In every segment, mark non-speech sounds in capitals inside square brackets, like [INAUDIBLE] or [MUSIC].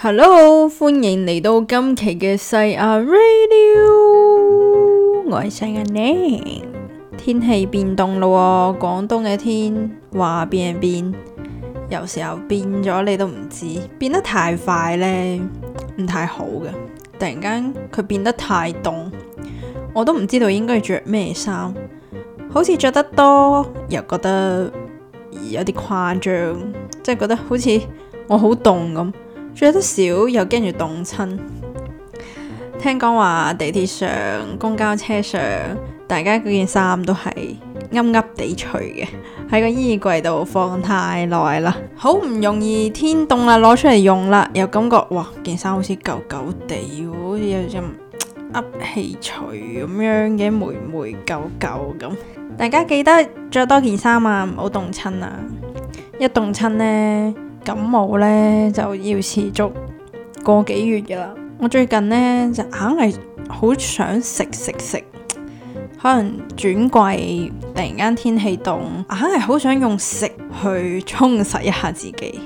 hello，歡迎嚟到今期嘅細眼 Radio。我係細眼 Lam。天氣變凍咯，廣東嘅天話變一變，有時候變咗你都唔知，變得太快呢，唔太好嘅。突然間佢變得太凍，我都唔知道應該着咩衫。好似着得多又覺得有啲誇張，即係覺得好似我好凍咁。着得少又驚住凍親，聽講話地鐵上、公交車上，大家嗰件衫都係啱啱地除嘅，喺個衣櫃度放太耐啦，好唔容易天凍啦，攞出嚟用啦，又感覺哇，件衫好似舊舊地，好似有陣噏氣除咁樣嘅霉霉舊舊咁。大家記得着多件衫啊，唔好凍親啊，一凍親呢。」感冒咧就要持續個幾月㗎啦。我最近咧就硬係好想食食食，可能轉季突然間天氣凍，硬係好想用食去充實一下自己。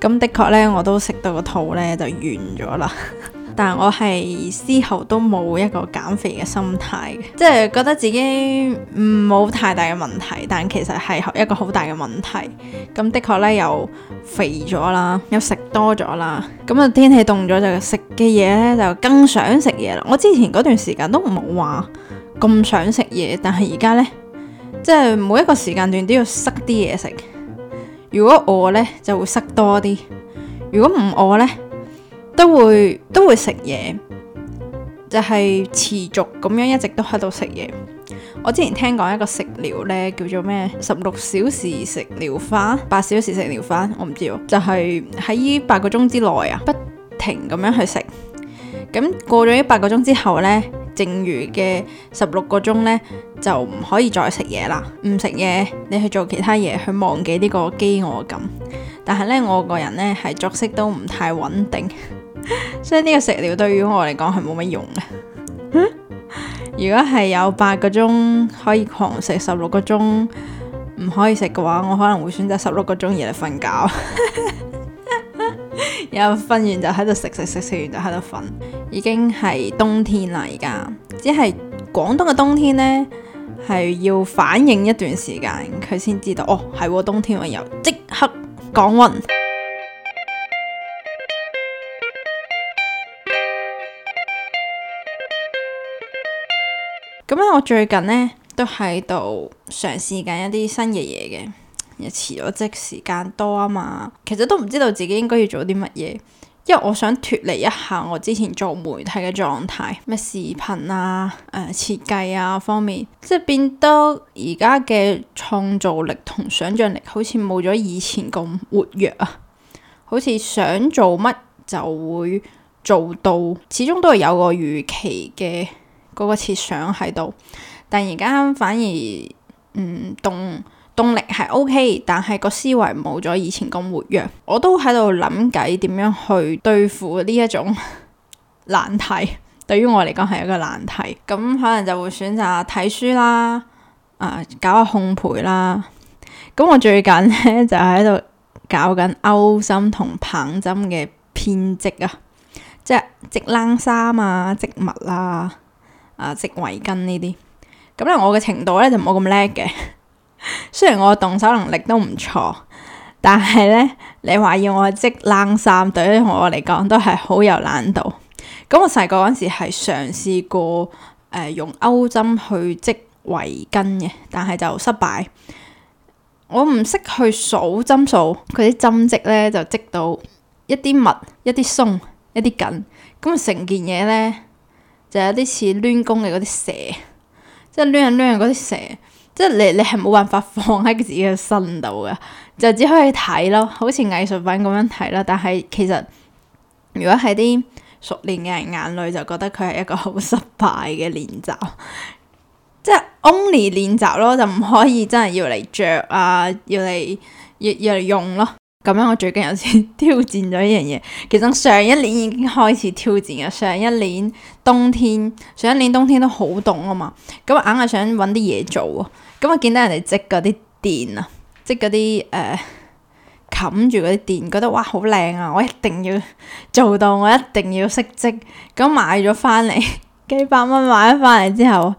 咁的確咧，我都食到個肚咧就軟咗啦。 [LAUGHS] 但我係絲毫都冇一個減肥嘅心態，即係覺得自己冇太大嘅問題，但其實係一個好大嘅問題。咁的確呢，又肥咗啦，又食多咗啦。咁啊，天氣凍咗，就食嘅嘢呢，就更想食嘢啦。我之前嗰段時間都冇話咁想食嘢，但係而家呢，即係每一個時間段都要塞啲嘢食。如果餓呢，就會塞多啲；如果唔餓呢，都會都會食嘢，就係持續咁樣一直都喺度食嘢。我之前聽講一個食療呢，叫做咩十六小時食療法、八小時食療法，我唔知喎，就係喺呢八個鐘之內啊，不停咁樣去食。咁過咗呢八個鐘之後呢，剩餘嘅十六個鐘呢，就唔可以再食嘢啦。唔食嘢，你去做其他嘢去忘記呢個飢餓感。但係呢，我個人呢，係作息都唔太穩定。所以呢個食療對於我嚟講係冇乜用嘅。嗯、如果係有八個鐘可以狂食，十六個鐘唔可以食嘅話，我可能會選擇十六個鐘以嚟瞓覺， [LAUGHS] 然後瞓完就喺度食食食，食完就喺度瞓。已經係冬天啦，而家只係廣東嘅冬天呢，係要反應一段時間佢先知道哦，係冬天喎，又即刻降溫。咁咧，我最近咧都喺度嘗試緊一啲新嘅嘢嘅，又辭咗職時間多啊嘛。其實都唔知道自己應該要做啲乜嘢，因為我想脫離一下我之前做媒體嘅狀態，咩視頻啊、誒、呃、設計啊方面，即係變得而家嘅創造力同想象力好似冇咗以前咁活躍啊，好似想做乜就會做到，始終都係有個預期嘅。嗰個設想喺度，但而家反而嗯，動動力係 OK，但係個思維冇咗以前咁活躍。我都喺度諗計點樣去對付呢一種難題，對於我嚟講係一個難題。咁可能就會選擇睇書啦，啊搞下烘焙啦。咁我最近咧就喺度搞緊勾針同棒針嘅編織啊，即係織冷衫啊，織物啊。啊！織圍巾呢啲，咁、嗯、咧我嘅程度咧就冇咁叻嘅。 [LAUGHS] 雖然我嘅動手能力都唔錯，但係咧，你話要我織冷衫，對於我嚟講都係好有難度。咁我細個嗰陣時係嘗試過誒、呃、用鈎針去織圍巾嘅，但係就失敗。我唔識去數針數，佢啲針織咧就織到一啲密、一啲鬆、一啲緊，咁啊成件嘢咧。就有啲似攣弓嘅嗰啲蛇，即係攣啊攣啊嗰啲蛇，即係你你係冇辦法放喺自己嘅身度嘅，就只可以睇咯，好似藝術品咁樣睇啦。但係其實如果係啲熟練嘅人眼裏，就覺得佢係一個好失敗嘅練習，即係 only 練習咯，就唔可以真係要嚟着啊，要嚟要要嚟用咯。咁樣，我最近有次挑戰咗一樣嘢。其實上一年已經開始挑戰啊。上一年冬天，上一年冬天都好凍啊嘛。咁硬係想揾啲嘢做啊。咁我見到人哋織嗰啲氈啊，織嗰啲誒冚住嗰啲氈，覺得哇好靚啊！我一定要做到，我一定要識織。咁買咗翻嚟幾百蚊買咗翻嚟之後，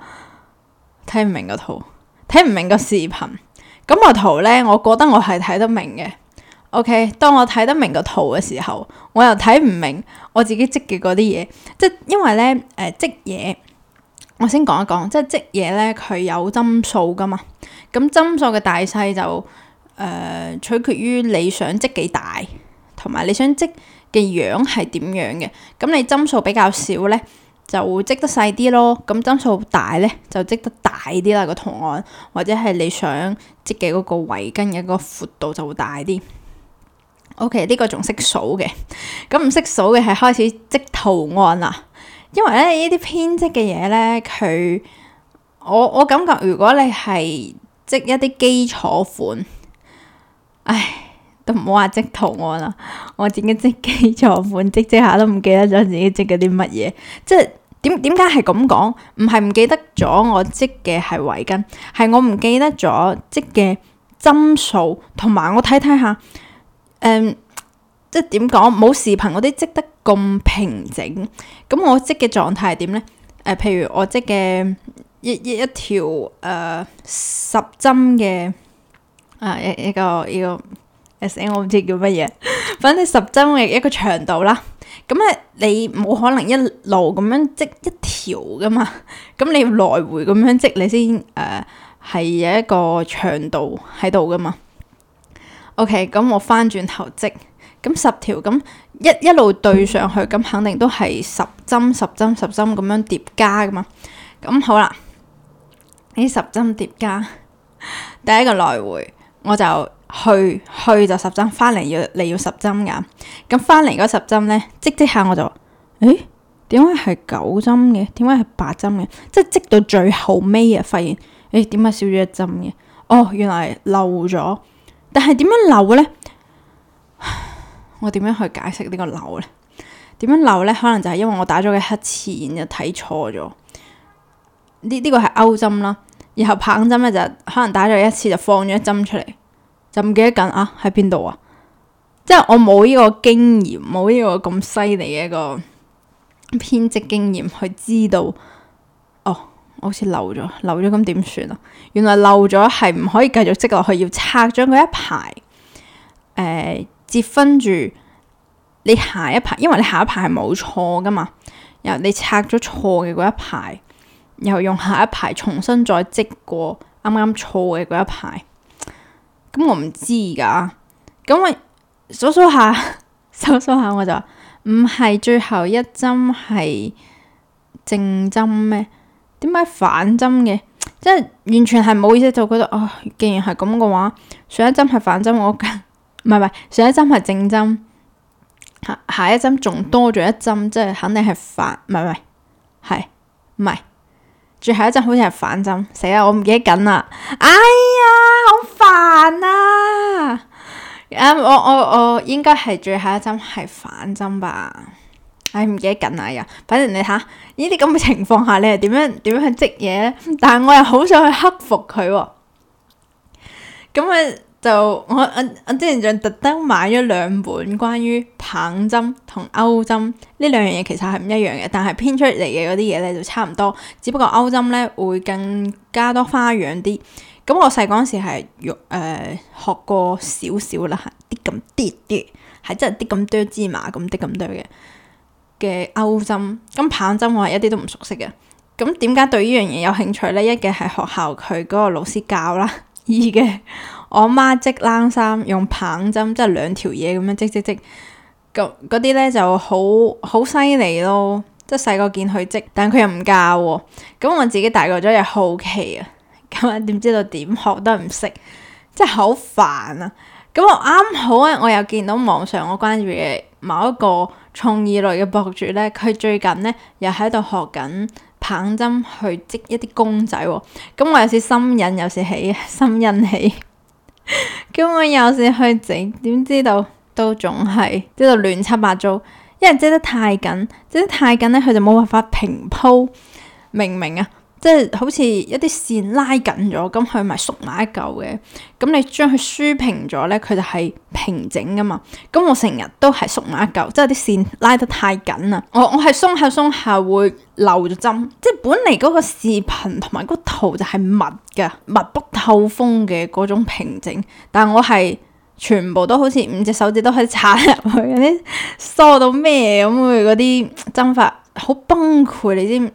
睇唔明個圖，睇唔明個視頻。咁個圖呢，我覺得我係睇得明嘅。OK，當我睇得明個圖嘅時候，我又睇唔明我自己織嘅嗰啲嘢，即係因為咧誒、呃，織嘢我先講一講，即係織嘢咧，佢有針數噶嘛，咁針數嘅大細就誒、呃、取決於你想織幾大，同埋你想織嘅樣係點樣嘅。咁你針數比較少咧，就會織得細啲咯；咁針數大咧，就織得大啲啦。個圖案或者係你想織嘅嗰個圍巾嘅一個闊度就會大啲。O.K. 呢個仲識數嘅，咁唔識數嘅係開始織圖案啦。因為咧呢啲編織嘅嘢咧，佢我我感覺如果你係織一啲基礎款，唉，都唔好話織圖案啦。我點解織基礎款織織下都唔記得咗自己織嗰啲乜嘢？即係點點解係咁講？唔係唔記得咗我織嘅係圍巾，係我唔記得咗織嘅針數，同埋我睇睇下。誒，um, 即係點講？冇視頻嗰啲織得咁平整，咁我織嘅狀態係點咧？誒、呃，譬如我織嘅一一一條誒十針嘅啊一一個一個 S N 我唔知叫乜嘢，反正十針嘅一個長度啦。咁啊，你冇可能一路咁樣織一條噶嘛？咁你要來回咁樣織，你先誒係有一個長度喺度噶嘛？O K，咁我翻轉頭織，咁十條咁一一路對上去，咁肯定都係十針十針十針咁樣疊加噶嘛。咁好啦，呢十針疊加，第一個來回我就去去就十針，翻嚟要嚟要十針噶。咁翻嚟嗰十針呢，織織下我就，誒、欸，點解係九針嘅？點解係八針嘅？即係織到最後尾啊，發現，誒、欸，點解少咗一針嘅？哦，原來漏咗。但係點樣漏呢？我點樣去解釋呢個漏呢？點樣漏呢？可能就係因為我打咗嘅一,一次就睇錯咗呢呢個係鈎針啦，然後棒針咧就可能打咗一次就放咗一針出嚟，就唔記得緊啊喺邊度啊，即係我冇呢個經驗，冇呢個咁犀利嘅一個編織經驗去知道。我好似漏咗，漏咗咁點算啊？原來漏咗係唔可以繼續織落去，要拆咗嗰一排。誒、呃，接分住你下一排，因為你下一排係冇錯噶嘛。然後你拆咗錯嘅嗰一排，然後用下一排重新再織過啱啱錯嘅嗰一排。咁我唔知噶，咁我數數下，數數下我就話唔係最後一針係正針咩？點解反針嘅？即係完全係冇意思，就覺得哦，既然係咁嘅話，上一針係反針，我梗唔係唔係，上一針係正針，下一針仲多咗一針，即係肯定係反，唔係唔係，係唔係？最後一針好似係反針，死啦！我唔記得緊啦，哎呀，好煩啊！啊、um，我我我應該係最後一針係反針吧？唉，唔記得緊啊！反正你睇下呢啲咁嘅情況下，你係點樣點樣去織嘢咧？但係我又好想去克服佢喎、哦。咁啊，就我，我之前仲特登買咗兩本關於棒針同勾針呢兩樣嘢，其實係唔一樣嘅，但係編出嚟嘅嗰啲嘢咧就差唔多，只不過勾針咧會更加多花樣啲。咁我細嗰陣時係用誒學過少少啦，啲咁啲啲係真係啲咁多芝麻咁啲咁多嘅。嘅鈎針，咁棒針我係一啲都唔熟悉嘅。咁點解對呢樣嘢有興趣呢？一嘅係學校佢嗰個老師教啦，二嘅我阿媽織冷衫用棒針，即係兩條嘢咁樣織織織。咁嗰啲呢就好好犀利咯，即係細個見佢織，但佢又唔教啊。咁我自己大個咗又好奇啊。咁點知道點學都唔識，真係好煩啊。咁我啱好啊，我又見到網上我關注嘅某一個。創意類嘅博主呢，佢最近呢又喺度學緊棒針去織一啲公仔，哦、咁、嗯、我有時心癮，有時起心癮起，咁、 [LAUGHS] 嗯、我有時去整，點知道都總係織到亂七八糟，因為織得太緊，織得太緊呢，佢就冇辦法平鋪，明唔明啊？即係好似一啲線拉緊咗，咁佢咪縮埋一嚿嘅。咁你將佢舒平咗咧，佢就係平整㗎嘛。咁我成日都係縮埋一嚿，即係啲線拉得太緊啦。我我係鬆下鬆下，會漏咗針。即係本嚟嗰個視頻同埋嗰個圖就係密㗎，密不透風嘅嗰種平整。但係我係全部都好似五隻手指都可以插入去，嗰啲疏到咩咁，佢嗰啲針法好崩潰，你知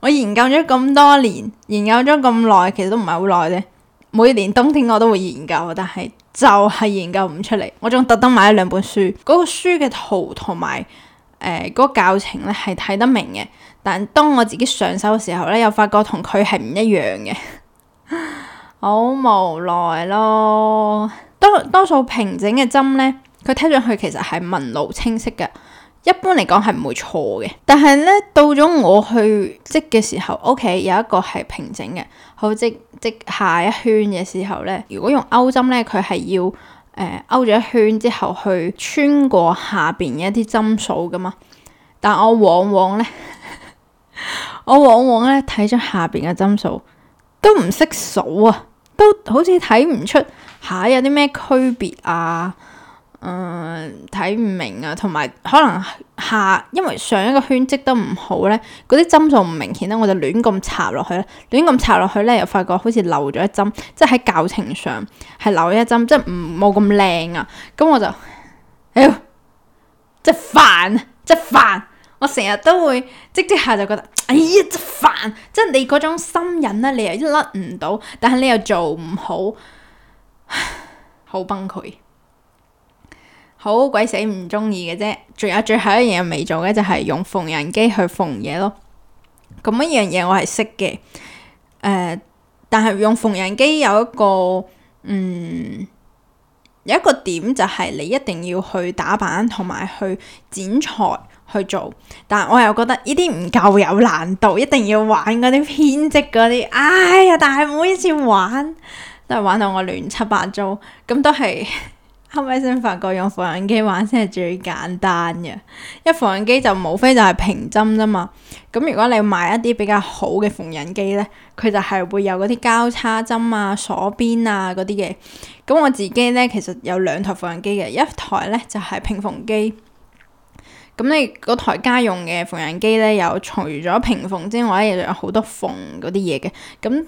我研究咗咁多年，研究咗咁耐，其實都唔係好耐啫。每年冬天我都會研究，但係就係研究唔出嚟。我仲特登買咗兩本書，嗰、嗰個書嘅圖同埋誒嗰個教程咧係睇得明嘅，但係當我自己上手嘅時候咧，又發覺同佢係唔一樣嘅， [LAUGHS] 好無奈咯。多多數平整嘅針咧，佢睇上去其實係紋路清晰嘅。一般嚟講係唔會錯嘅，但係咧到咗我去織嘅時候，OK, 有一個係平整嘅，好織織下一圈嘅時候咧，如果用鈎針咧，佢係要誒鈎咗一圈之後去穿過下邊嘅一啲針數噶嘛，但我往往咧， [LAUGHS] 我往往咧睇咗下邊嘅針數都唔識數啊，都好似睇唔出下有啲咩區別啊。誒，睇唔明啊，同埋可能下，因為上一個圈織得唔好咧，嗰啲針數唔明顯咧，我就亂咁插落去，亂咁插落去咧，又發覺好似漏咗一針，即係喺教程上係漏咗一針，即係唔冇咁靚啊，咁我就，妖，即係煩啊，即係煩，我成日都會即即下就覺得，哎呀，即係煩，即係你嗰種心癮咧，你又甩唔到，但係你又做唔好，好崩潰。好鬼死唔中意嘅啫，仲有最後一樣未做嘅就係用縫紉機去縫嘢咯。咁一樣嘢我係識嘅，誒、呃，但係用縫紉機有一個，嗯，有一個點就係你一定要去打板同埋去剪裁去做，但係我又覺得呢啲唔夠有難度，一定要玩嗰啲編織嗰啲。哎呀，但係每一次玩都係玩到我亂七八糟，咁都係。後尾先發覺用縫紉機玩先係最簡單嘅，一縫紉機就無非就係平針咋嘛。咁如果你買一啲比較好嘅縫紉機咧，佢就係會有嗰啲交叉針啊、鎖邊啊嗰啲嘅。咁我自己咧其實有兩台縫紉機嘅，一台咧就係平縫機。咁你嗰台家用嘅縫紉機咧，有除咗平縫之外咧，有好多縫嗰啲嘢嘅。咁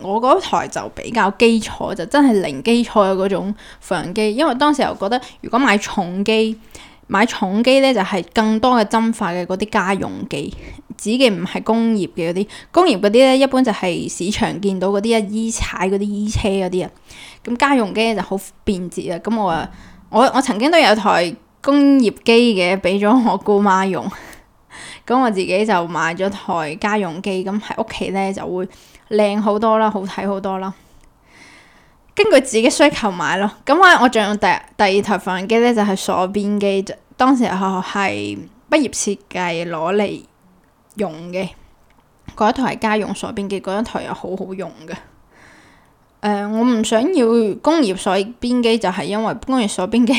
我嗰台就比較基礎，就真係零基礎嘅嗰種縫紉機。因為當時我覺得，如果買重機，買重機咧就係更多嘅針法嘅嗰啲家用機，指嘅唔係工業嘅嗰啲。工業嗰啲咧一般就係市場見到嗰啲一衣踩嗰啲衣車嗰啲啊。咁家用機就好便捷啊。咁我啊，我我曾經都有台工業機嘅，俾咗我姑媽用。咁 [LAUGHS] 我自己就買咗台家用機，咁喺屋企咧就會。靚好多啦，好睇好多啦。根據自己需求買咯。咁我我仲用第第二台縫紉機呢，就係鎖邊機啫。當時學校係畢業設計攞嚟用嘅。嗰一台係家用鎖邊機，嗰一台又好好用嘅。誒、呃，我唔想要工業鎖邊機，就係、是、因為工業鎖邊機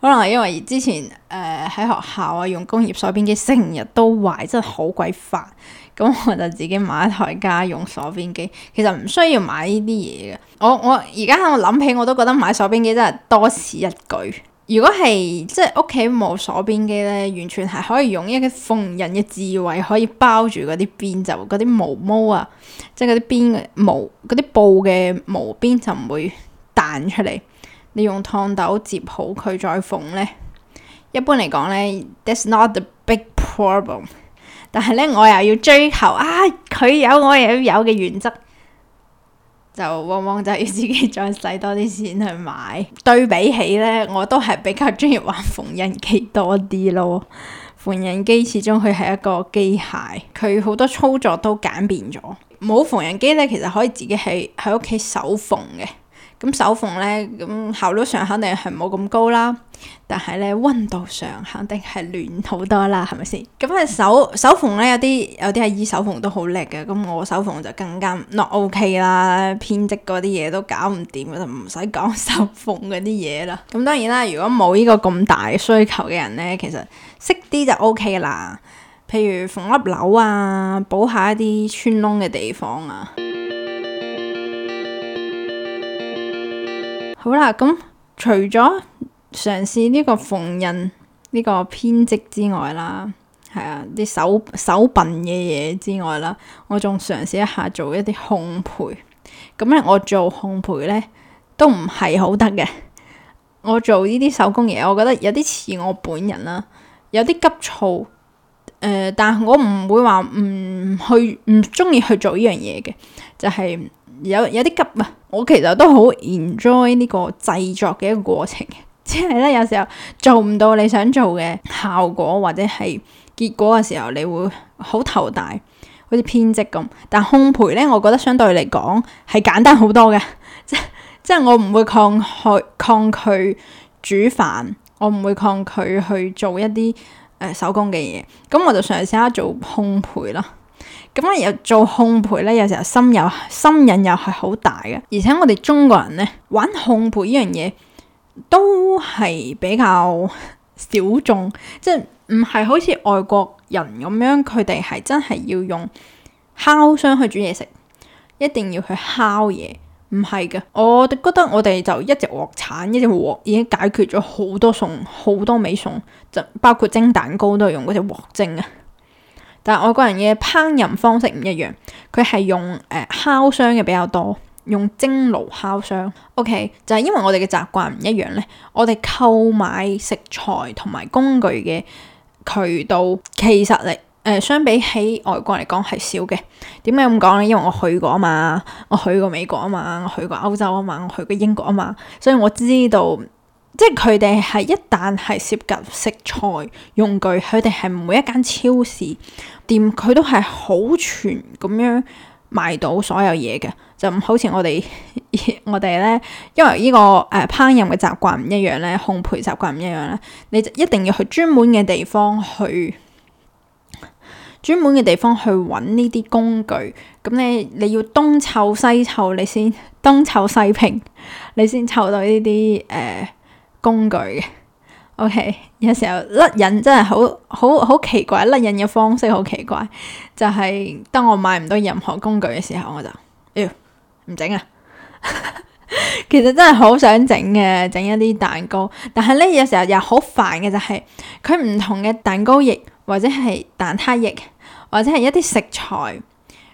可能係因為之前誒喺、呃、學校啊用工業鎖邊機成日都壞，真係好鬼煩。咁我就自己買一台家用鎖邊機，其實唔需要買呢啲嘢嘅。我我而家喺度諗起，我都覺得買鎖邊機真係多此一舉。如果係即係屋企冇鎖邊機咧，完全係可以用一個縫紉嘅智慧可以包住嗰啲邊，就嗰啲毛毛啊，即係嗰啲邊嘅毛，嗰啲布嘅毛邊就唔會彈出嚟。你用熨斗接好佢再縫咧。一般嚟講咧，that's not the big problem。但係咧，我又要追求啊，佢有我又要有嘅原則，就往往就要自己再使多啲錢去買。 [LAUGHS] 對比起咧，我都係比較中意玩縫紉機多啲咯。縫紉機始終佢係一個機械，佢好多操作都簡便咗。冇縫紉機咧，其實可以自己喺喺屋企手縫嘅。咁手縫咧，咁效率上肯定係冇咁高啦，但係咧，温度上肯定係暖好多啦，係咪先？咁啊手手縫咧，有啲有啲係依手縫都好叻嘅，咁我手縫就更加 not ok 啦，編織嗰啲嘢都搞唔掂，就唔使講手縫嗰啲嘢啦。咁當然啦，如果冇呢個咁大需求嘅人咧，其實識啲就 OK 啦，譬如縫粒紐啊，補下一啲穿窿嘅地方啊。好啦，咁、嗯、除咗嘗試呢個縫紉呢個編織之外啦，係啊啲手手笨嘅嘢之外啦，我仲嘗試一下做一啲烘焙。咁、嗯、咧，我做烘焙咧都唔係好得嘅。我做呢啲手工嘢，我覺得有啲似我本人啦，有啲急躁。誒、呃，但係我唔會話唔去唔中意去做呢樣嘢嘅，就係、是、有有啲急啊。我其實都好 enjoy 呢個製作嘅一個過程，即係咧有時候做唔到你想做嘅效果或者係結果嘅時候，你會好頭大，好似編織咁。但烘焙咧，我覺得相對嚟講係簡單好多嘅，即即係我唔會抗拒抗拒煮飯，我唔會抗拒去做一啲誒、呃、手工嘅嘢，咁我就嘗試下做烘焙啦。咁啊，又做烘焙咧，有時候心又心癮又係好大嘅。而且我哋中國人咧玩烘焙呢樣嘢都係比較小眾，即係唔係好似外國人咁樣，佢哋係真係要用烤箱去煮嘢食，一定要去烤嘢。唔係嘅，我覺得我哋就一隻鑊鏟，一隻鑊已經解決咗好多餸，好多味餸，就包括蒸蛋糕都係用嗰隻鑊蒸啊。但外國人嘅烹飪方式唔一樣，佢係用誒、呃、烤箱嘅比較多，用蒸爐烤箱。OK，就係因為我哋嘅習慣唔一樣咧，我哋購買食材同埋工具嘅渠道其實嚟誒、呃、相比起外國嚟講係少嘅。點解咁講咧？因為我去過啊嘛，我去過美國啊嘛，我去過歐洲啊嘛，我去過英國啊嘛，所以我知道。即係佢哋係一旦係涉及食材、用具，佢哋係每一間超市店佢都係好全咁樣賣到所有嘢嘅，就唔好似我哋 [LAUGHS] 我哋咧，因為呢、呢個誒、呃、烹飪嘅習慣唔一樣咧，烘焙習慣唔一樣咧，你就一定要去專門嘅地方去專門嘅地方去揾呢啲工具，咁你你要東湊西湊，你先東湊西平，你先湊到呢啲誒。呃工具嘅，OK，有時候甩印真係好好好奇怪，甩印嘅方式好奇怪，就係、是、當我買唔到任何工具嘅時候，我就，妖、哎，唔整啊！ [LAUGHS] 其實真係好想整嘅，整一啲蛋糕，但係咧有時候又好煩嘅就係佢唔同嘅蛋糕液或者係蛋撻液或者係一啲食材，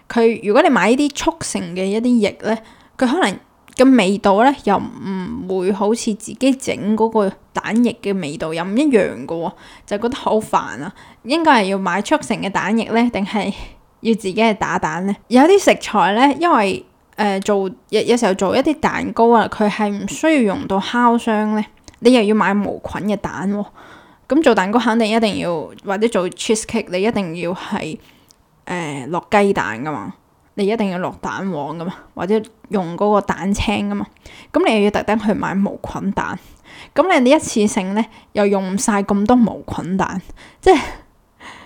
佢如果你買呢啲速成嘅一啲液咧，佢可能。嘅味道咧又唔會好似自己整嗰個蛋液嘅味道又唔一樣嘅喎、哦，就覺得好煩啊！應該係要買速成嘅蛋液咧，定係要自己去打蛋咧？有啲食材咧，因為誒、呃、做有、呃、有時候做一啲蛋糕啊，佢係唔需要用到烤箱咧，你又要買無菌嘅蛋喎、哦。咁、嗯、做蛋糕肯定一定要，或者做 cheesecake 你一定要係誒落雞蛋噶嘛。你一定要落蛋黃㗎嘛，或者用嗰個蛋清㗎嘛，咁你又要特登去買無菌蛋，咁你哋一次性咧又用唔曬咁多無菌蛋，即係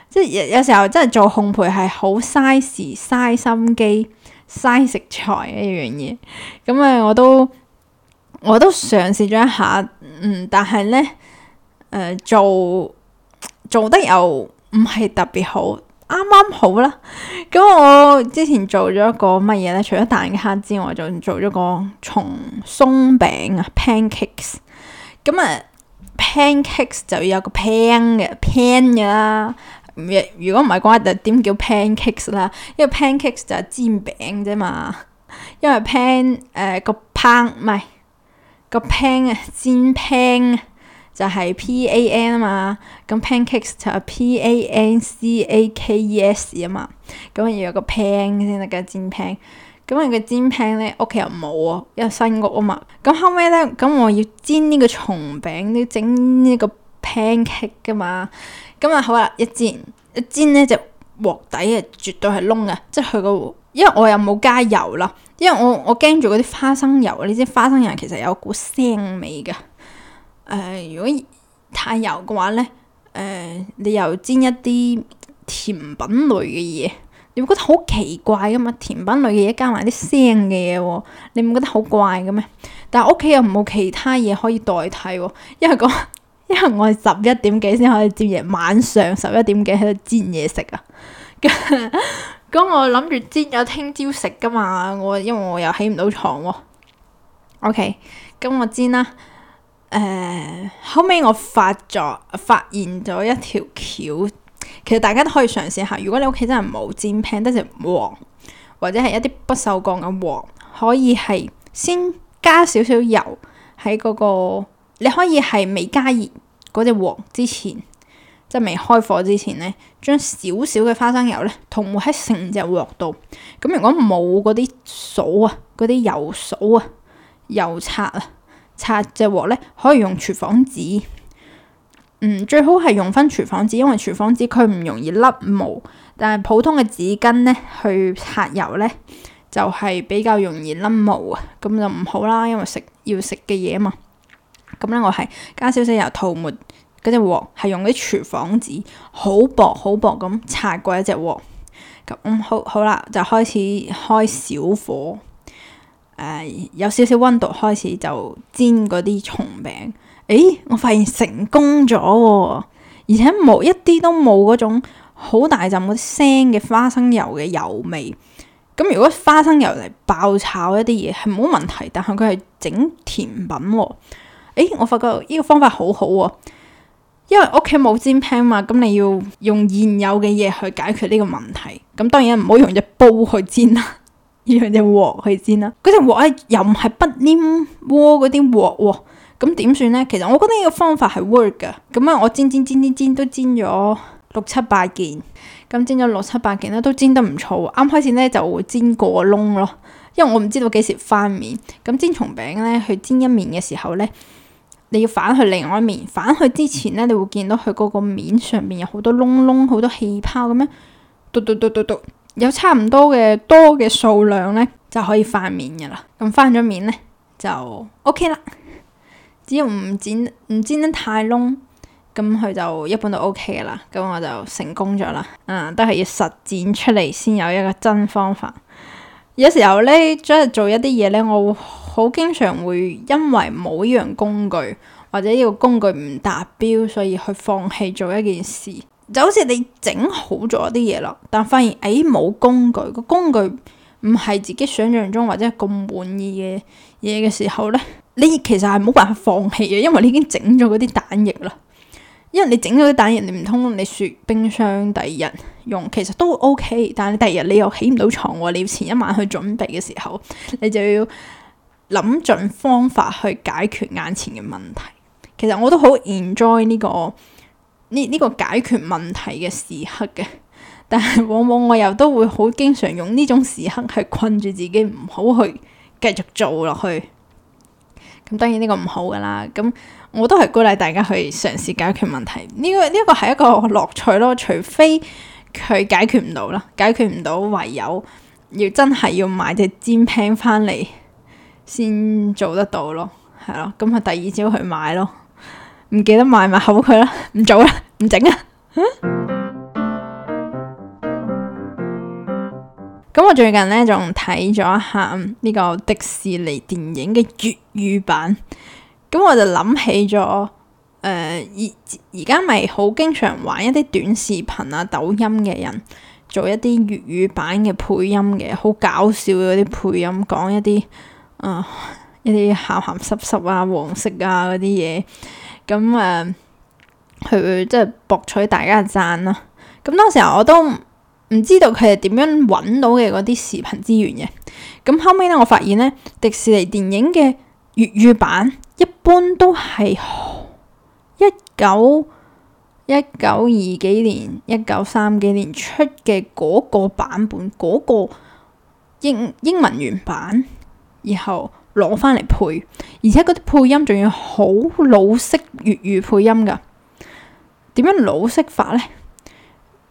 即係有有時候真係做烘焙係好嘥時嘥心機嘥食材一樣嘢，咁啊我都我都嘗試咗一下，嗯，但係咧誒做做得又唔係特別好。啱啱好啦，咁我之前做咗一個乜嘢咧？除咗蛋撻之外，仲做咗個鬆鬆餅啊，pancakes。咁啊，pancakes pan 就要有個 pan 嘅 pan 嘅啦。如果唔係嘅話，就點叫 pancakes 啦？因為 pancakes 就係煎餅啫嘛。因為 pan 誒、呃、個 pan 唔係個 pan 啊，煎 pan。就係 pan 啊嘛，咁 pancakes 就係 p a n c a k e s 啊嘛，咁啊，要有個 pan 先得噶，煎 pan，咁啊個煎 pan 咧，屋企又冇啊，因為新屋啊嘛，咁後尾咧，咁我要煎呢個鬆餅，要整呢個 pancake 噶嘛，咁啊好啦，一煎一煎咧就鑊底啊絕對係燶啊，即係佢個，因為我又冇加油啦，因為我我驚住嗰啲花生油啊，呢啲花生油其實有股腥味噶。誒、呃，如果太油嘅話咧，誒、呃，你又煎一啲甜品類嘅嘢，你會覺得好奇怪噶嘛？甜品類嘅嘢加埋啲腥嘅嘢你唔覺得好怪嘅咩？但係屋企又冇其他嘢可以代替喎、哦，因為講、那個，因為我係十一點幾先可以煎嘢，晚上十一點幾喺度煎嘢食啊。咁 [LAUGHS] 我諗住煎咗聽朝食，噶嘛，我因為我又起唔到床喎、哦。OK，咁我煎啦。誒、uh, 後尾我發咗發現咗一條橋，其實大家都可以嘗試下。如果你屋企真係冇煎 pan，得隻鑊或者係一啲不鏽鋼嘅鑊，可以係先加少少油喺嗰、那個，你可以係未加熱嗰隻鑊之前，即係未開火之前咧，將少少嘅花生油咧，塗抹喺成隻鑊度。咁如果冇嗰啲掃啊，嗰啲油掃啊，油刷啊。擦隻鑊咧，可以用廚房紙，嗯，最好係用翻廚房紙，因為廚房紙佢唔容易甩毛，但係普通嘅紙巾咧去擦油咧就係比較容易甩毛啊，咁就唔好啦，因為食要食嘅嘢啊嘛。咁咧我係加少少油塗抹嗰隻鑊，係用啲廚房紙，好薄好薄咁擦過一隻鑊，咁好好啦，就開始開小火。誒，uh, 有少少溫度開始就煎嗰啲鬆餅，誒、欸，我發現成功咗，而且冇一啲都冇嗰種好大陣嗰啲腥嘅花生油嘅油味。咁如果花生油嚟，爆炒一啲嘢，係冇問題，但係佢係整甜品，誒、欸，我發覺呢個方法好好啊，因為屋企冇煎 pan 嘛，咁你要用現有嘅嘢去解決呢個問題，咁當然唔好用隻煲去煎啦。用隻鑊去煎啦，嗰隻鑊咧又唔係不黏鍋嗰啲鑊喎，咁點算呢？其實我覺得呢個方法係 work 噶，咁啊我煎煎煎煎煎都煎咗六七百件，咁煎咗六七百件咧都煎得唔錯喎。啱開始呢就會煎過燶咯，因為我唔知道幾時翻面。咁煎鬆餅呢，去煎一面嘅時候呢，你要翻去另外一面，翻去之前呢，你會見到佢嗰個面上面有好多窿窿，好多氣泡咁樣，嘟嘟嘟嘟嘟。有差唔多嘅多嘅數量呢，就可以翻面嘅啦。咁翻咗面呢，就 OK 啦。只要唔剪唔剪得太窿，咁佢就一般都 OK 噶啦。咁我就成功咗啦。啊、嗯，都係要實踐出嚟先有一個真方法。有時候呢，真係做一啲嘢呢，我會好經常會因為冇依樣工具或者依個工具唔達標，所以去放棄做一件事。就好似你整好咗啲嘢咯，但發現誒冇工具，個工具唔係自己想象中或者係咁滿意嘅嘢嘅時候咧，你其實係冇辦法放棄嘅，因為你已經整咗嗰啲蛋液啦。因為你整咗啲蛋液，你唔通你雪冰箱第二日用，其實都 OK，但係你第二日你又起唔到床，你要前一晚去準備嘅時候，你就要諗盡方法去解決眼前嘅問題。其實我都好 enjoy 呢個。呢呢個解決問題嘅時刻嘅，但係往往我又都會好經常用呢種時刻去困住自己，唔好去繼續做落去。咁、嗯、當然呢個唔好噶啦，咁、嗯、我都係鼓勵大家去嘗試解決問題。呢、這個呢、這個係一個樂趣咯，除非佢解決唔到啦，解決唔到，唯有要真係要買隻煎 p a 翻嚟先做得到咯，係、嗯、咯，咁啊第二朝去買咯。唔記得買咪厚佢啦，唔做啦，唔整啊。咁 [MUSIC] 我最近呢，仲睇咗一下呢個迪士尼電影嘅粵語版，咁我就諗起咗誒而而家咪好經常玩一啲短視頻啊、抖音嘅人做一啲粵語版嘅配音嘅，好搞笑嗰啲配音講一啲啊、呃、一啲鹹鹹濕濕啊、黃色啊嗰啲嘢。咁誒，佢即係博取大家嘅讚啦。咁嗰時候我都唔知道佢係點樣揾到嘅嗰啲視頻資源嘅。咁後尾咧，我發現咧，迪士尼電影嘅粵語版一般都係一九一九二幾年、一九三幾年出嘅嗰個版本，嗰個英英文原版，然後，攞翻嚟配，而且嗰啲配音仲要好老式粵語配音噶，點樣老式法呢？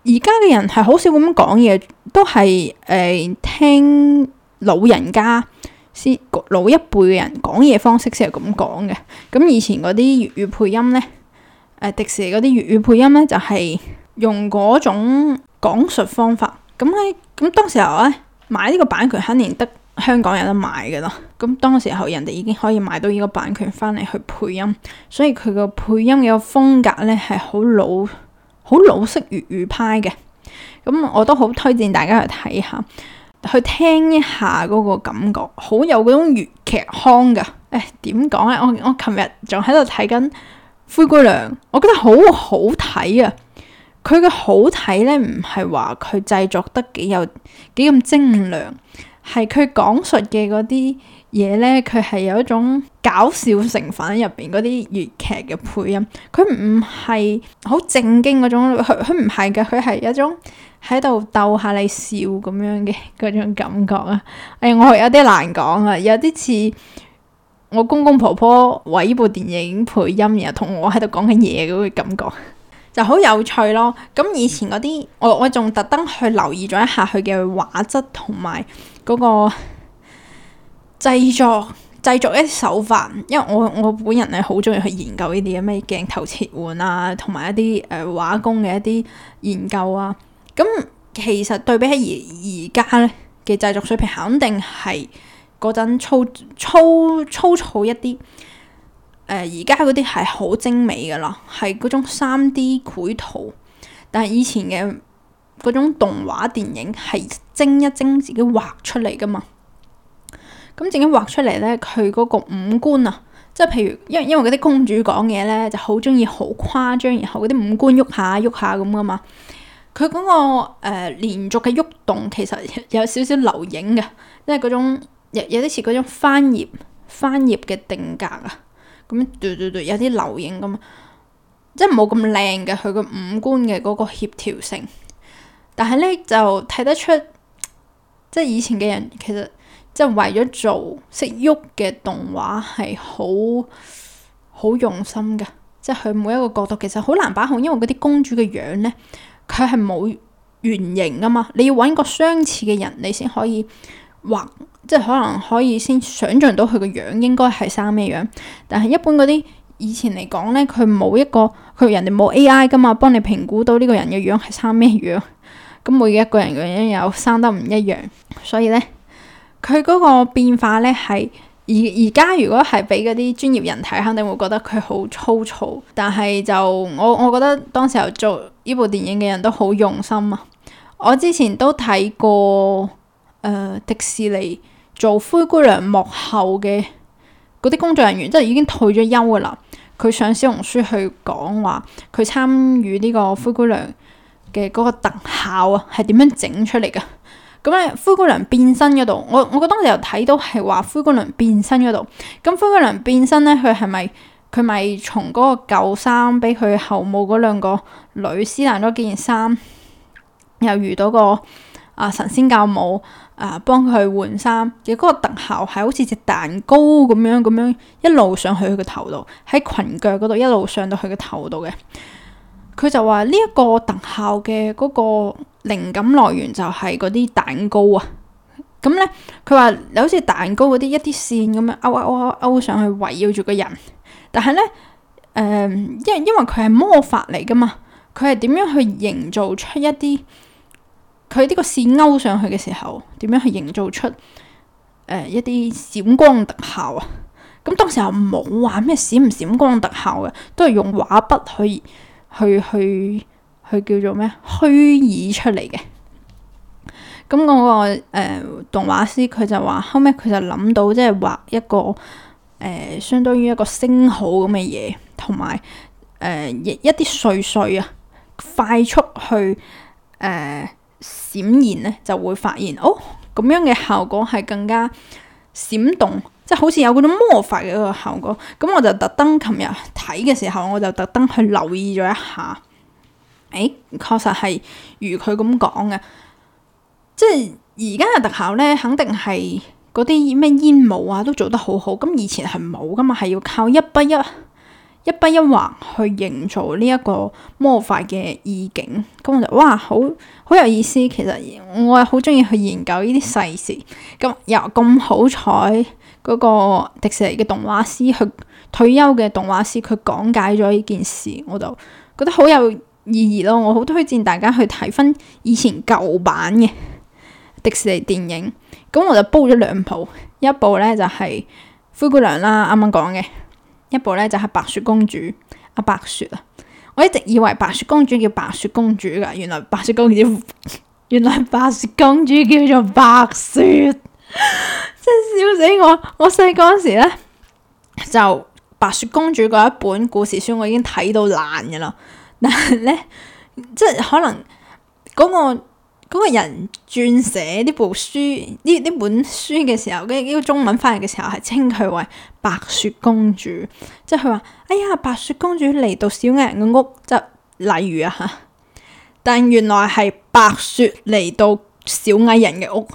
而家嘅人係好少咁講嘢，都係誒、呃、聽老人家先老一輩嘅人講嘢方式先係咁講嘅。咁以前嗰啲粵語配音呢，呃、迪士尼嗰啲粵語配音呢，就係、是、用嗰種講述方法。咁咧，咁當時候呢，買呢個版權肯定得。香港有得買噶啦，咁當時候人哋已經可以買到呢個版權翻嚟去配音，所以佢個配音嘅風格呢係好老好老式粵語派嘅。咁我都好推薦大家去睇下，去聽一下嗰個感覺，好有嗰種粵劇腔噶。誒、哎，點講呢？我我琴日仲喺度睇緊《灰姑娘》，我覺得好好睇啊。佢嘅好睇呢，唔係話佢製作得幾有幾咁精良。係佢講述嘅嗰啲嘢呢，佢係有一種搞笑成分入邊嗰啲粵劇嘅配音，佢唔係好正經嗰種，佢佢唔係嘅，佢係一種喺度逗下你笑咁樣嘅嗰種感覺啊。哎，我有啲難講啊，有啲似我公公婆婆為呢部電影配音，然後同我喺度講緊嘢嗰個感覺。就好有趣咯！咁以前嗰啲，我我仲特登去留意咗一下佢嘅畫質同埋嗰個製作製作一啲手法，因為我我本人係好中意去研究呢啲嘢，咩鏡頭切換啊，同埋一啲誒、呃、畫工嘅一啲研究啊。咁其實對比起而而家咧嘅製作水平，肯定係嗰陣粗粗粗糙一啲。誒，而家嗰啲係好精美噶啦，係嗰種三 D 繪圖，但係以前嘅嗰種動畫電影係精一精自己畫出嚟噶嘛。咁自己畫出嚟咧，佢嗰個五官啊，即係譬如因因為嗰啲公主講嘢咧，就好鍾意好誇張，然後嗰啲五官喐下喐下咁噶嘛。佢嗰、嗰個誒、呃、連續嘅喐動，動其實有少少留影嘅，即係嗰種有有啲似嗰種翻頁翻頁嘅定格啊。咁，對對對，有啲留影咁嘛，即係冇咁靚嘅佢個五官嘅嗰個協調性。但係咧就睇得出，即係以前嘅人其實即係為咗做識喐嘅動畫係好好用心㗎，即係佢每一個角度其實好難把控，因為嗰啲公主嘅樣咧，佢係冇原型㗎嘛，你要搵個相似嘅人你先可以畫。即係可能可以先想像到佢個樣應該係生咩樣，但係一般嗰啲以前嚟講呢，佢冇一個佢人哋冇 AI 㗎嘛，幫你評估到呢個人個樣係生咩樣。咁每一個人嘅樣又生得唔一樣，所以呢，佢嗰個變化呢係而而家如果係俾嗰啲專業人睇，肯定會覺得佢好粗糙。但係就我我覺得當時候做呢部電影嘅人都好用心啊！我之前都睇過誒、呃、迪士尼。做灰姑娘幕後嘅嗰啲工作人員，即係已經退咗休噶啦。佢上小紅書去講話，佢參與呢個灰姑娘嘅嗰個特效啊，係點樣整出嚟嘅？咁、嗯、咧，灰姑娘變身嗰度，我我覺得當時又睇到係話灰姑娘變身嗰度。咁灰姑娘變身咧，佢係咪佢咪從嗰個舊衫俾佢後母嗰兩個女撕爛咗件衫，又遇到個啊神仙教母？啊！幫佢換衫，其實嗰個特效係好似隻蛋糕咁樣咁樣一路上去佢個頭度，喺裙腳嗰度一路上到佢個頭度嘅。佢就話呢一個特效嘅嗰個靈感來源就係嗰啲蛋糕啊。咁、嗯、呢，佢話你好似蛋糕嗰啲一啲線咁樣勾勾勾勾，勾勾勾勾上去圍繞住個人，但係呢，誒、呃，因為因為佢係魔法嚟噶嘛，佢係點樣去營造出一啲？佢呢個線勾上去嘅時候，點樣去營造出誒、呃、一啲閃光特效啊？咁當時又冇玩咩閃唔閃光特效嘅，都係用畫筆去去去去，去叫做咩虛擬出嚟嘅。咁嗰個誒動畫師佢就話，後尾佢就諗到即係畫一個誒、呃，相當於一個星號咁嘅嘢，同埋誒一啲碎碎啊，快速去誒。呃閃現咧，就會發現哦，咁樣嘅效果係更加閃動，即係好似有嗰種魔法嘅一個效果。咁我就特登琴日睇嘅時候，我就特登去留意咗一下。誒、哎，確實係如佢咁講嘅，即係而家嘅特效咧，肯定係嗰啲咩煙霧啊都做得好好。咁以前係冇噶嘛，係要靠一不一。一筆一畫去營造呢一個魔法嘅意境，咁我就哇，好好有意思。其實我係好中意去研究呢啲細事，咁又咁好彩嗰個迪士尼嘅動畫師，去退休嘅動畫師，佢講解咗呢件事，我就覺得好有意義咯。我好推薦大家去睇翻以前舊版嘅迪士尼電影，咁我就煲咗兩部，一部咧就係、是、灰姑娘啦，啱啱講嘅。一部咧就係、是、白雪公主。阿、啊、白雪啊！我一直以為白雪公主叫白雪公主噶，原來白雪公主，原來白雪公主叫做白雪，真係笑死我！我細個嗰時咧就白雪公主嗰一本故事書，我已經睇到爛噶啦，但係咧即係可能嗰、那個。嗰個人撰寫呢部書呢呢本書嘅時候，跟住呢個中文翻譯嘅時候，係稱佢為白雪公主，即係佢話：哎呀，白雪公主嚟到小矮人嘅屋，即係例如啊嚇。但原來係白雪嚟到小矮人嘅屋，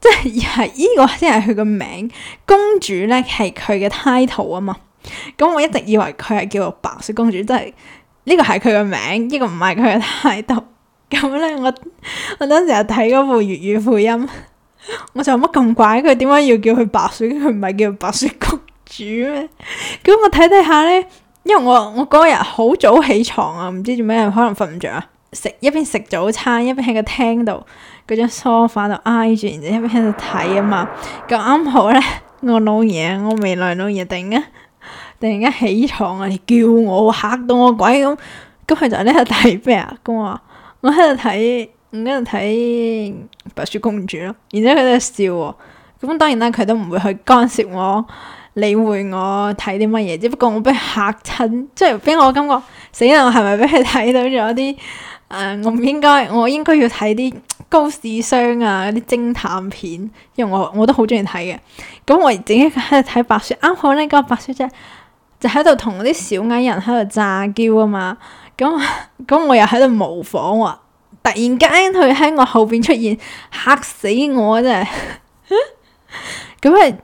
即係而係呢個先係佢嘅名，公主咧係佢嘅 title 啊嘛。咁我一直以為佢係叫做白雪公主，即係呢、這個係佢嘅名，呢、這個唔係佢嘅 title。咁咧，我我當時又睇嗰部粵語配音，我就乜咁怪佢，點解要叫佢白雪？佢唔係叫白雪公主咩？咁我睇睇下咧，因為我我嗰日好早起床啊，唔知做咩可能瞓唔着啊，食一邊食早餐一邊喺個廳度嗰張梳化度挨住，然之後一邊喺度睇啊嘛。咁啱好咧，我老爺，我未來老爺，突然間突然間起床啊，叫我吓到我鬼咁，咁佢就喺呢度睇咩啊？咁我話。我喺度睇，我喺度睇白雪公主咯，然之後佢喺度笑喎，咁當然啦，佢都唔會去干涉我、理會我睇啲乜嘢，只不過我俾佢嚇親，即係俾我感覺死啦，係咪俾佢睇到咗啲？誒，我唔、呃、應該，我應該要睇啲高智商啊嗰啲偵探片，因為我我都好中意睇嘅。咁我而自己喺度睇白雪，啱好咧嗰、這個白雪即就喺度同嗰啲小矮人喺度詐嬌啊嘛，咁咁我又喺度模仿喎，突然間佢喺我後邊出現，嚇死我啊！真 [LAUGHS] 係，咁係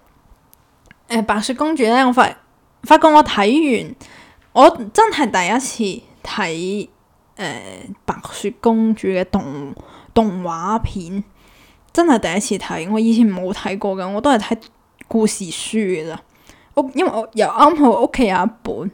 誒白雪公主咧，我發發覺我睇完，我真係第一次睇誒、呃、白雪公主嘅動動畫片，真係第一次睇，我以前冇睇過嘅，我都係睇故事書噶。我因為我又啱好屋企有一本，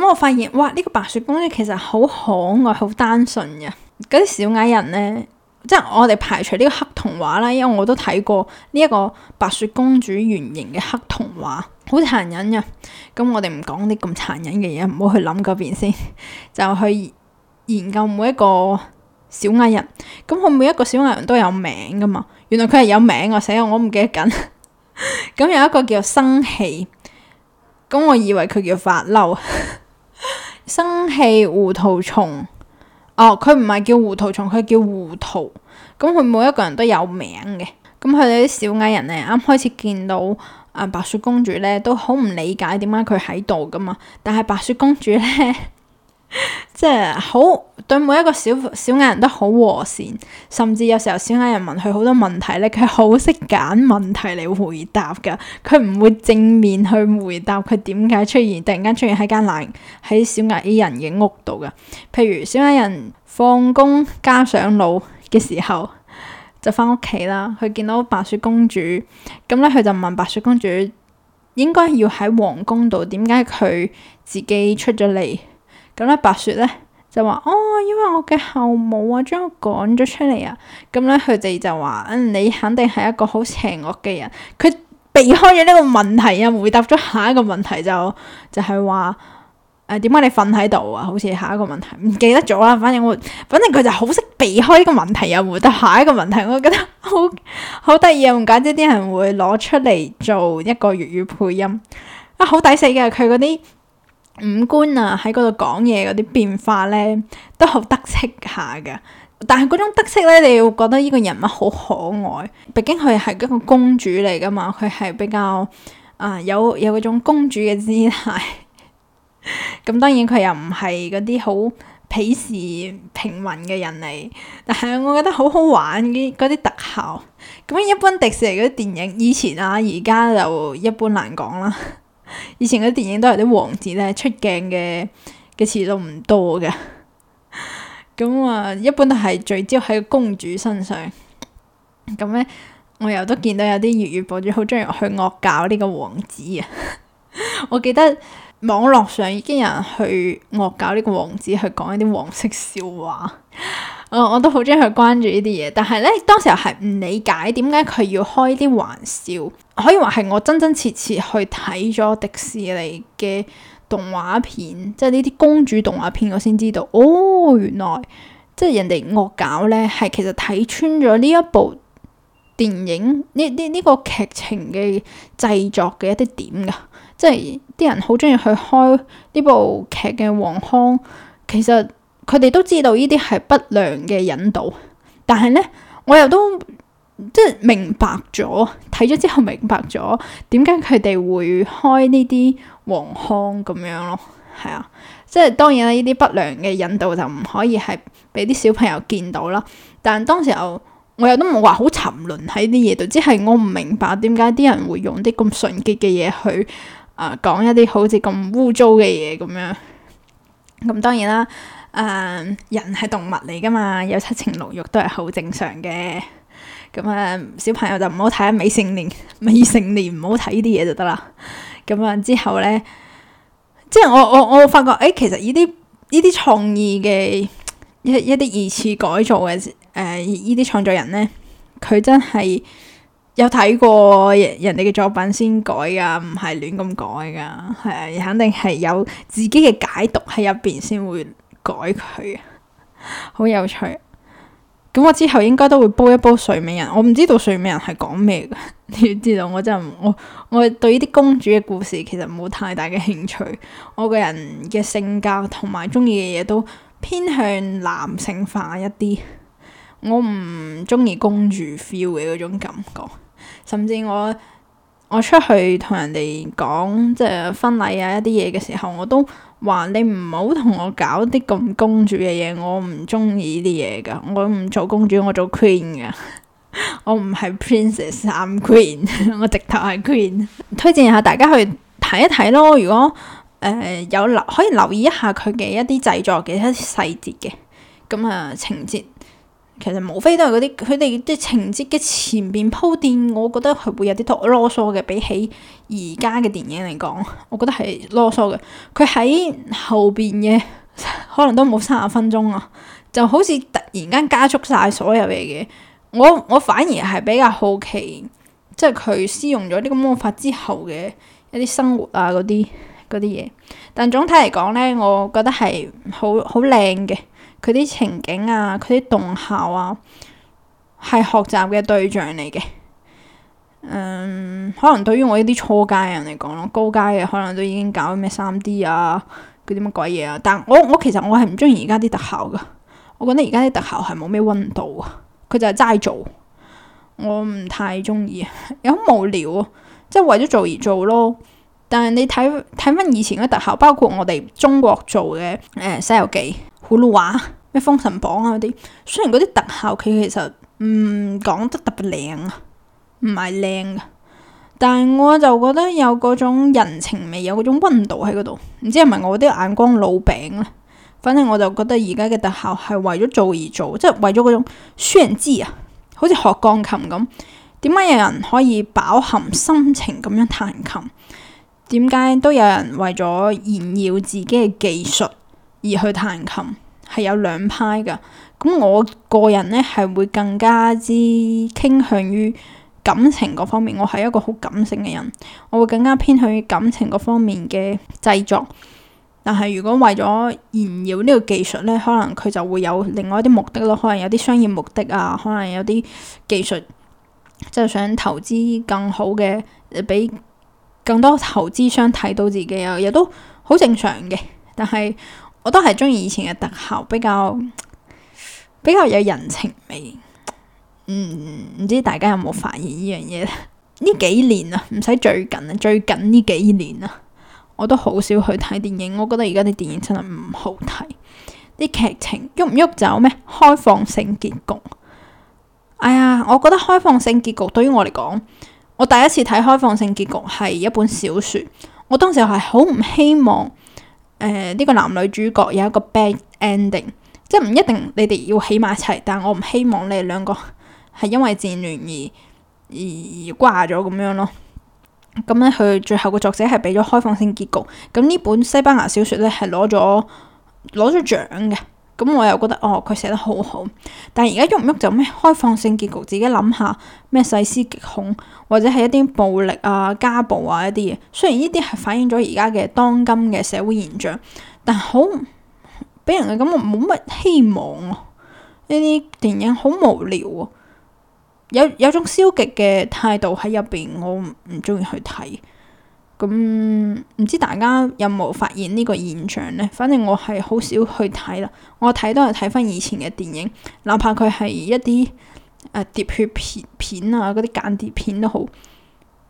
咁我發現哇，呢個白雪公主其實好可愛，好單純嘅。嗰啲小矮人呢，即係我哋排除呢個黑童話啦，因為我都睇過呢一個白雪公主原型嘅黑童話，好殘忍嘅。咁我哋唔講啲咁殘忍嘅嘢，唔好去諗嗰邊先，就去研究每一個小矮人。咁佢每一個小矮人都有名噶嘛？原來佢係有名啊！死我，我唔記得緊。咁 [LAUGHS] 有一個叫生氣。咁、嗯、我以為佢叫發嬲， [LAUGHS] 生氣糊塗蟲。哦，佢唔係叫糊塗蟲，佢叫糊塗。咁、嗯、佢每一個人都有名嘅。咁佢哋啲小矮人咧，啱開始見到啊、嗯、白雪公主咧，都好唔理解點解佢喺度㗎嘛。但係白雪公主咧。 [LAUGHS] 即係好對每一個小小矮人都好和善，甚至有時候小矮人問佢好多問題咧，佢好識揀問題嚟回答噶，佢唔會正面去回答佢點解出現，突然間出現喺間冷喺小矮人嘅屋度噶。譬如小矮人放工加上路嘅時候就翻屋企啦，佢見到白雪公主咁咧，佢就問白雪公主應該要喺皇宮度，點解佢自己出咗嚟？咁咧、嗯，白雪咧就話哦，因為我嘅後母啊，將我趕咗出嚟啊。咁、嗯、咧，佢哋就話，嗯，你肯定係一個好邪惡嘅人。佢避開咗呢個問題啊，回答咗下一個問題就就係、是、話，誒、呃，點解你瞓喺度啊？好似下一個問題唔記得咗啦。反正我，反正佢就好識避開呢個問題，又回答下一個問題，我覺得好好得意啊。唔怪之啲人會攞出嚟做一個粵語配音啊，好抵死嘅，佢嗰啲。五官啊，喺嗰度講嘢嗰啲變化咧，都好得戚下噶。但係嗰種得戚咧，你會覺得呢個人物好可愛。畢竟佢係一個公主嚟噶嘛，佢係比較啊、呃、有有嗰種公主嘅姿態。咁 [LAUGHS] 當然佢又唔係嗰啲好鄙視平民嘅人嚟。但係我覺得好好玩啲嗰啲特效。咁一般迪士尼啲電影，以前啊，而家就一般難講啦。以前嗰啲電影都係啲王子咧，出鏡嘅次數都唔多嘅，咁 [LAUGHS] 啊，一般都係聚焦喺公主身上。咁 [LAUGHS] 咧，我又都見到有啲粵語博主好中意去惡搞呢個王子啊！ [LAUGHS] 我記得網絡上已經有人去惡搞呢個王子，去講一啲黃色笑話。 [LAUGHS] 我都好中意去關注呢啲嘢，但係咧，當時係唔理解點解佢要開啲玩笑，可以話係我真真切切去睇咗迪士尼嘅動畫片，即係呢啲公主動畫片，我先知道哦，原來即係人哋惡搞呢，係其實睇穿咗呢一部電影呢呢呢個劇情嘅製作嘅一啲點噶，即係啲人好中意去開呢部劇嘅黃腔，其實。佢哋都知道呢啲係不良嘅引導，但係呢，我又都即係明白咗睇咗之後，明白咗點解佢哋會開呢啲黃腔咁樣咯，係啊，即係當然啦，呢啲不良嘅引導就唔可以係俾啲小朋友見到啦。但係當時候我又都冇話好沉淪喺啲嘢度，即係我唔明白點解啲人會用啲咁純潔嘅嘢去啊、呃、講一啲好似咁污糟嘅嘢咁樣。咁當然啦。誒，uh, 人係動物嚟噶嘛，有七情六欲都係好正常嘅。咁、嗯、啊，小朋友就唔好睇啊，未成年未成年唔好睇呢啲嘢就得啦。咁、嗯、啊，之後咧，即係我我我發覺誒、哎，其實呢啲呢啲創意嘅一一啲二次改造嘅誒，呢啲創作人咧，佢真係有睇過人人哋嘅作品先改噶，唔係亂咁改噶，係、嗯、啊，肯定係有自己嘅解讀喺入邊先會。改佢啊，好有趣。咁我之後應該都會煲一煲睡美人。我唔知道睡美人係講咩嘅，你要知道我。我真係我我對呢啲公主嘅故事其實冇太大嘅興趣。我個人嘅性格同埋中意嘅嘢，都偏向男性化一啲。我唔中意公主 feel 嘅嗰種感覺。甚至我我出去同人哋講即係婚禮啊、一啲嘢嘅時候，我都。話你唔好同我搞啲咁公主嘅嘢，我唔中意啲嘢噶，我唔做公主，我做 queen 噶， [LAUGHS] 我唔係 princess，I'm queen， [LAUGHS] 我直頭係 queen， [LAUGHS] 推薦下大家去睇一睇咯，如果誒、呃、有留可以留意一下佢嘅一啲製作嘅一啲細節嘅，咁、嗯、啊、呃呃、情節。其實無非都係嗰啲，佢哋即係情節嘅前邊鋪墊，我覺得係會有啲多囉嗦嘅，比起而家嘅電影嚟講，我覺得係囉嗦嘅。佢喺後邊嘅可能都冇三十分鐘啊，就好似突然間加速晒所有嘢嘅。我我反而係比較好奇，即係佢施用咗呢個魔法之後嘅一啲生活啊，嗰啲嗰啲嘢。但總體嚟講咧，我覺得係好好靚嘅。佢啲情景啊，佢啲動效啊，係學習嘅對象嚟嘅。嗯，可能對於我呢啲初階人嚟講咯，高階嘅可能都已經搞咩三 D 啊，嗰啲乜鬼嘢啊。但我我其實我係唔中意而家啲特效噶，我覺得而家啲特效係冇咩溫度啊，佢就係齋做，我唔太中意，又好無聊啊，即係為咗做而做咯。但係你睇睇翻以前嘅特效，包括我哋中國做嘅，誒、呃《西遊記》、葫蘆娃、咩《封神榜》啊嗰啲，雖然嗰啲特效佢其實唔講得特別靚啊，唔係靚啊。但係我就覺得有嗰種人情味，有嗰種溫度喺嗰度。唔知係咪我啲眼光老餅咧？反正我就覺得而家嘅特效係為咗做而做，即係為咗嗰種宣揚知啊。好似學鋼琴咁，點解有人可以飽含心情咁樣彈琴？點解都有人為咗炫耀自己嘅技術而去彈琴，係有兩派㗎。咁我個人呢，係會更加之傾向於感情嗰方面。我係一個好感性嘅人，我會更加偏向於感情嗰方面嘅製作。但係如果為咗炫耀呢個技術呢，可能佢就會有另外一啲目的咯。可能有啲商業目的啊，可能有啲技術，即係想投資更好嘅，誒，更多投資商睇到自己啊，亦都好正常嘅。但係我都係中意以前嘅特效，比較比較有人情味。嗯，唔知大家有冇發現呢樣嘢？呢 [LAUGHS] 幾年啊，唔使最近啊，最近呢幾年啊，我都好少去睇電影。我覺得而家啲電影真係唔好睇，啲劇情喐唔喐走咩？開放性結局。哎呀，我覺得開放性結局對於我嚟講。我第一次睇開放性結局係一本小説，我當時係好唔希望誒呢、呃這個男女主角有一個 bad ending，即係唔一定你哋要起埋一齊，但我唔希望你哋兩個係因為戰亂而而掛咗咁樣咯。咁咧佢最後個作者係俾咗開放性結局，咁呢本西班牙小説咧係攞咗攞咗獎嘅。咁我又覺得哦，佢寫得好好，但而家喐唔喐就咩開放性結局，自己諗下咩細思極恐，或者係一啲暴力啊、家暴啊一啲嘢。雖然呢啲係反映咗而家嘅當今嘅社會現象，但好俾人嘅感覺冇乜希望啊。呢啲電影好無聊啊，有有種消極嘅態度喺入邊，我唔中意去睇。咁唔、嗯、知大家有冇發現呢個現象呢？反正我係好少去睇啦。我睇都係睇翻以前嘅電影，哪怕佢係一啲誒喋血片片啊，嗰啲間諜片都好。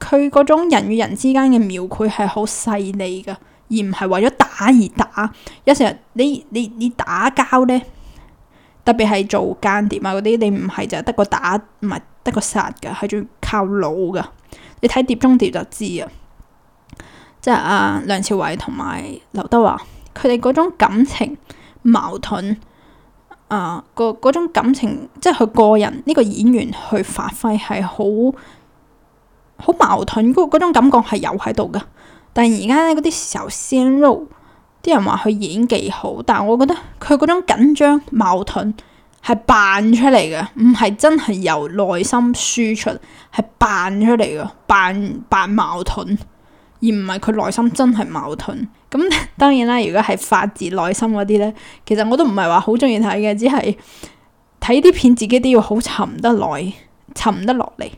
佢嗰種人與人之間嘅描繪係好細膩噶，而唔係為咗打而打。有時候你你你，你打交呢，特別係做間諜啊嗰啲，你唔係就得個打，唔係得個殺噶，係仲要靠腦噶。你睇碟中諜就知啊。即係阿梁朝偉同埋劉德華，佢哋嗰種感情矛盾，啊，嗰種感情，即係佢個人呢個演員去發揮，係好好矛盾嗰嗰種感覺係有喺度噶。但係而家咧嗰啲小鮮肉啲人話佢演技好，但係我覺得佢嗰種緊張矛盾係扮出嚟嘅，唔係真係由內心輸出，係扮出嚟嘅，扮扮矛盾。而唔係佢內心真係矛盾，咁當然啦。如果係發自內心嗰啲咧，其實我都唔係話好中意睇嘅，只係睇啲片自己都要好沉得耐，沉得落嚟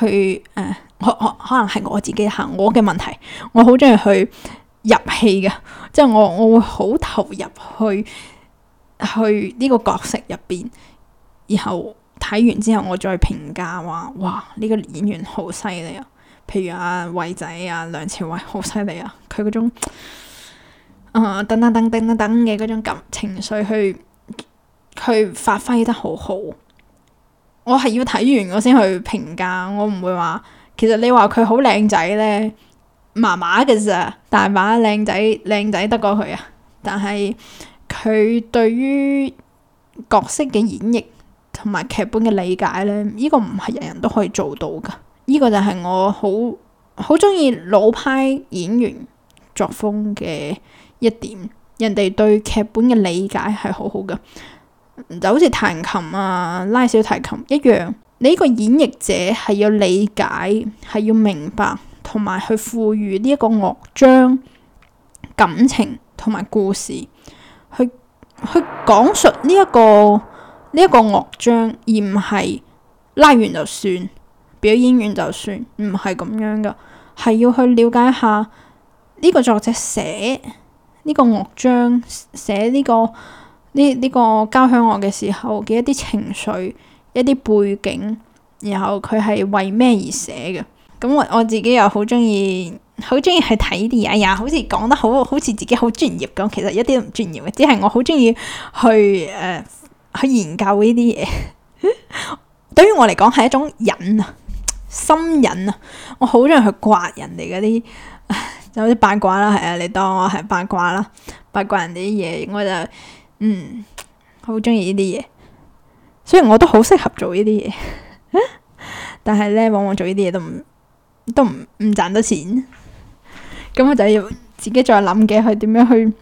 去誒、呃。可能係我自己吓，我嘅問題，我好中意去入戲嘅，即係我我會好投入去去呢個角色入邊，然後睇完之後我再評價話，哇，呢個演員好犀利啊！譬如啊，偉仔啊，梁朝偉好犀利啊！佢嗰種啊等等等等等等嘅嗰種感情緒去去發揮得好好。我係要睇完我先去評價，我唔會話。其實你話佢好靚仔呢，麻麻嘅咋？大把靚仔靚仔得過佢啊！但係佢對於角色嘅演繹同埋劇本嘅理解呢，呢個唔係人人都可以做到噶。呢個就係我好好中意老派演員作風嘅一點，人哋對劇本嘅理解係好好㗎，就好似彈琴啊、拉小提琴一樣。你依個演繹者係要理解，係要明白，同埋去賦予呢一個樂章感情同埋故事，去去講述呢一個呢一個樂章，而唔係拉完就算。表演完就算唔係咁樣噶，係要去了解下呢、這個作者寫呢、這個樂章，寫呢、這個呢呢、這個交響樂嘅時候嘅一啲情緒、一啲背景，然後佢係為咩而寫嘅。咁我我自己又好中意，好中意去睇啲嘢呀，好似講得好好似自己好專業咁，其實一啲都唔專業嘅，只係我好中意去誒、呃、去研究呢啲嘢。 [LAUGHS] 對於我嚟講係一種癮啊！心癮啊！我好中意去刮人哋嗰啲，有啲八卦啦，係啊，你當我係八卦啦，八卦人哋啲嘢，我就嗯好中意呢啲嘢，雖然我都好適合做呢啲嘢，但係咧，往往做呢啲嘢都唔都唔唔賺到錢，咁我就要自己再諗嘅，去點樣去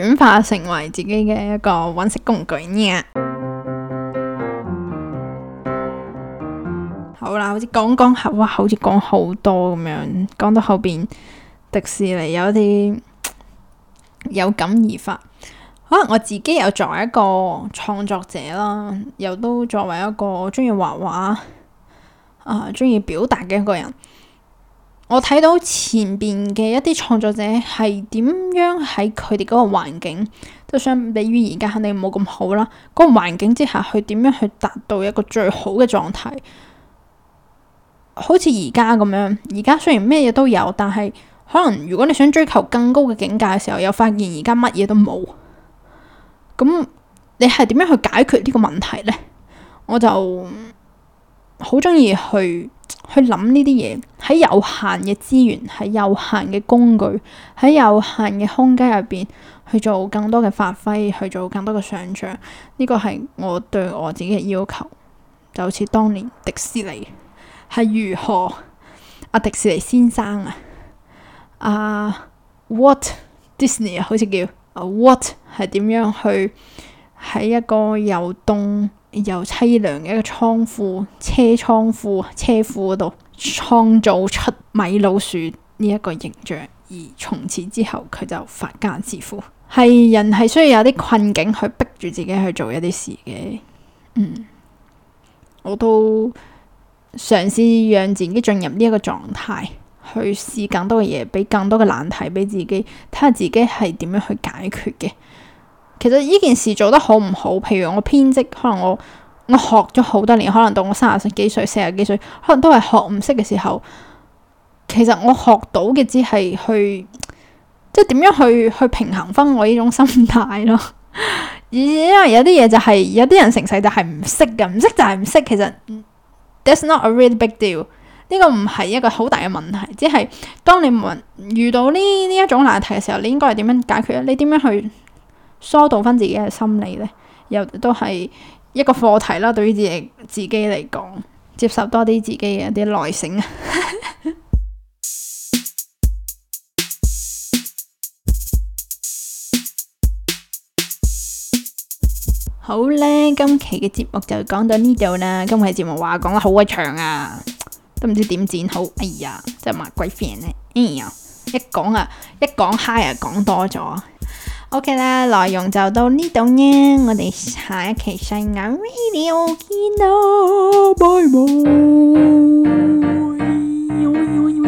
轉化成為自己嘅一個揾食工具呢、啊？好啦，好似講講下，哇，好似講好多咁樣。講到後邊迪士尼有啲有感而發，可能我自己又作為一個創作者啦，又都作為一個中意畫畫啊，中意表達嘅一個人。我睇到前邊嘅一啲創作者係點樣喺佢哋嗰個環境，都相比於而家肯定冇咁好啦。嗰個環境之下，去點樣去達到一個最好嘅狀態。好似而家咁樣，而家雖然咩嘢都有，但係可能如果你想追求更高嘅境界嘅時候，又發現而家乜嘢都冇。咁你係點樣去解決呢個問題呢？我就好中意去去諗呢啲嘢，喺有限嘅資源，喺有限嘅工具，喺有限嘅空間入邊去做更多嘅發揮，去做更多嘅想象。呢個係我對我自己嘅要求，就好似當年迪士尼。係如何阿迪士尼先生啊？阿、uh, What Disney 好似叫、uh, What 係點樣去喺一個又凍又淒涼嘅一個倉庫、車倉庫、車庫嗰度創造出米老鼠呢一個形象？而從此之後佢就發家致富。係人係需要有啲困境去逼住自己去做一啲事嘅。嗯，我都。嘗試讓自己進入呢一個狀態，去試更多嘅嘢，俾更多嘅難題俾自己，睇下自己係點樣去解決嘅。其實呢件事做得好唔好，譬如我編織，可能我我學咗好多年，可能到我三十幾歲、四十幾歲，可能都係學唔識嘅時候。其實我學到嘅只係去，即係點樣去去平衡翻我呢種心態咯。而因為有啲嘢就係、是，有啲人成世就係唔識嘅，唔識就係唔識。其實。That's not a really big deal。呢個唔係一個好大嘅問題，只係當你們遇到呢呢一種難題嘅時候，你應該係點樣解決咧？你點樣去疏導返自己嘅心理咧？又都係一個課題啦，對於自己自己嚟講，接受多啲自己嘅一啲耐性啊。 [LAUGHS] 好咧，今期嘅節目就講到呢度啦。今期節目話講得好鬼長啊，都唔知點剪好。哎呀，真係麻鬼煩呢！哎呀，一講啊，一講嗨啊，講多咗。OK 啦，內容就到呢度呢。我哋下一期細眼 Radio 見到，拜拜。哎哎哎哎哎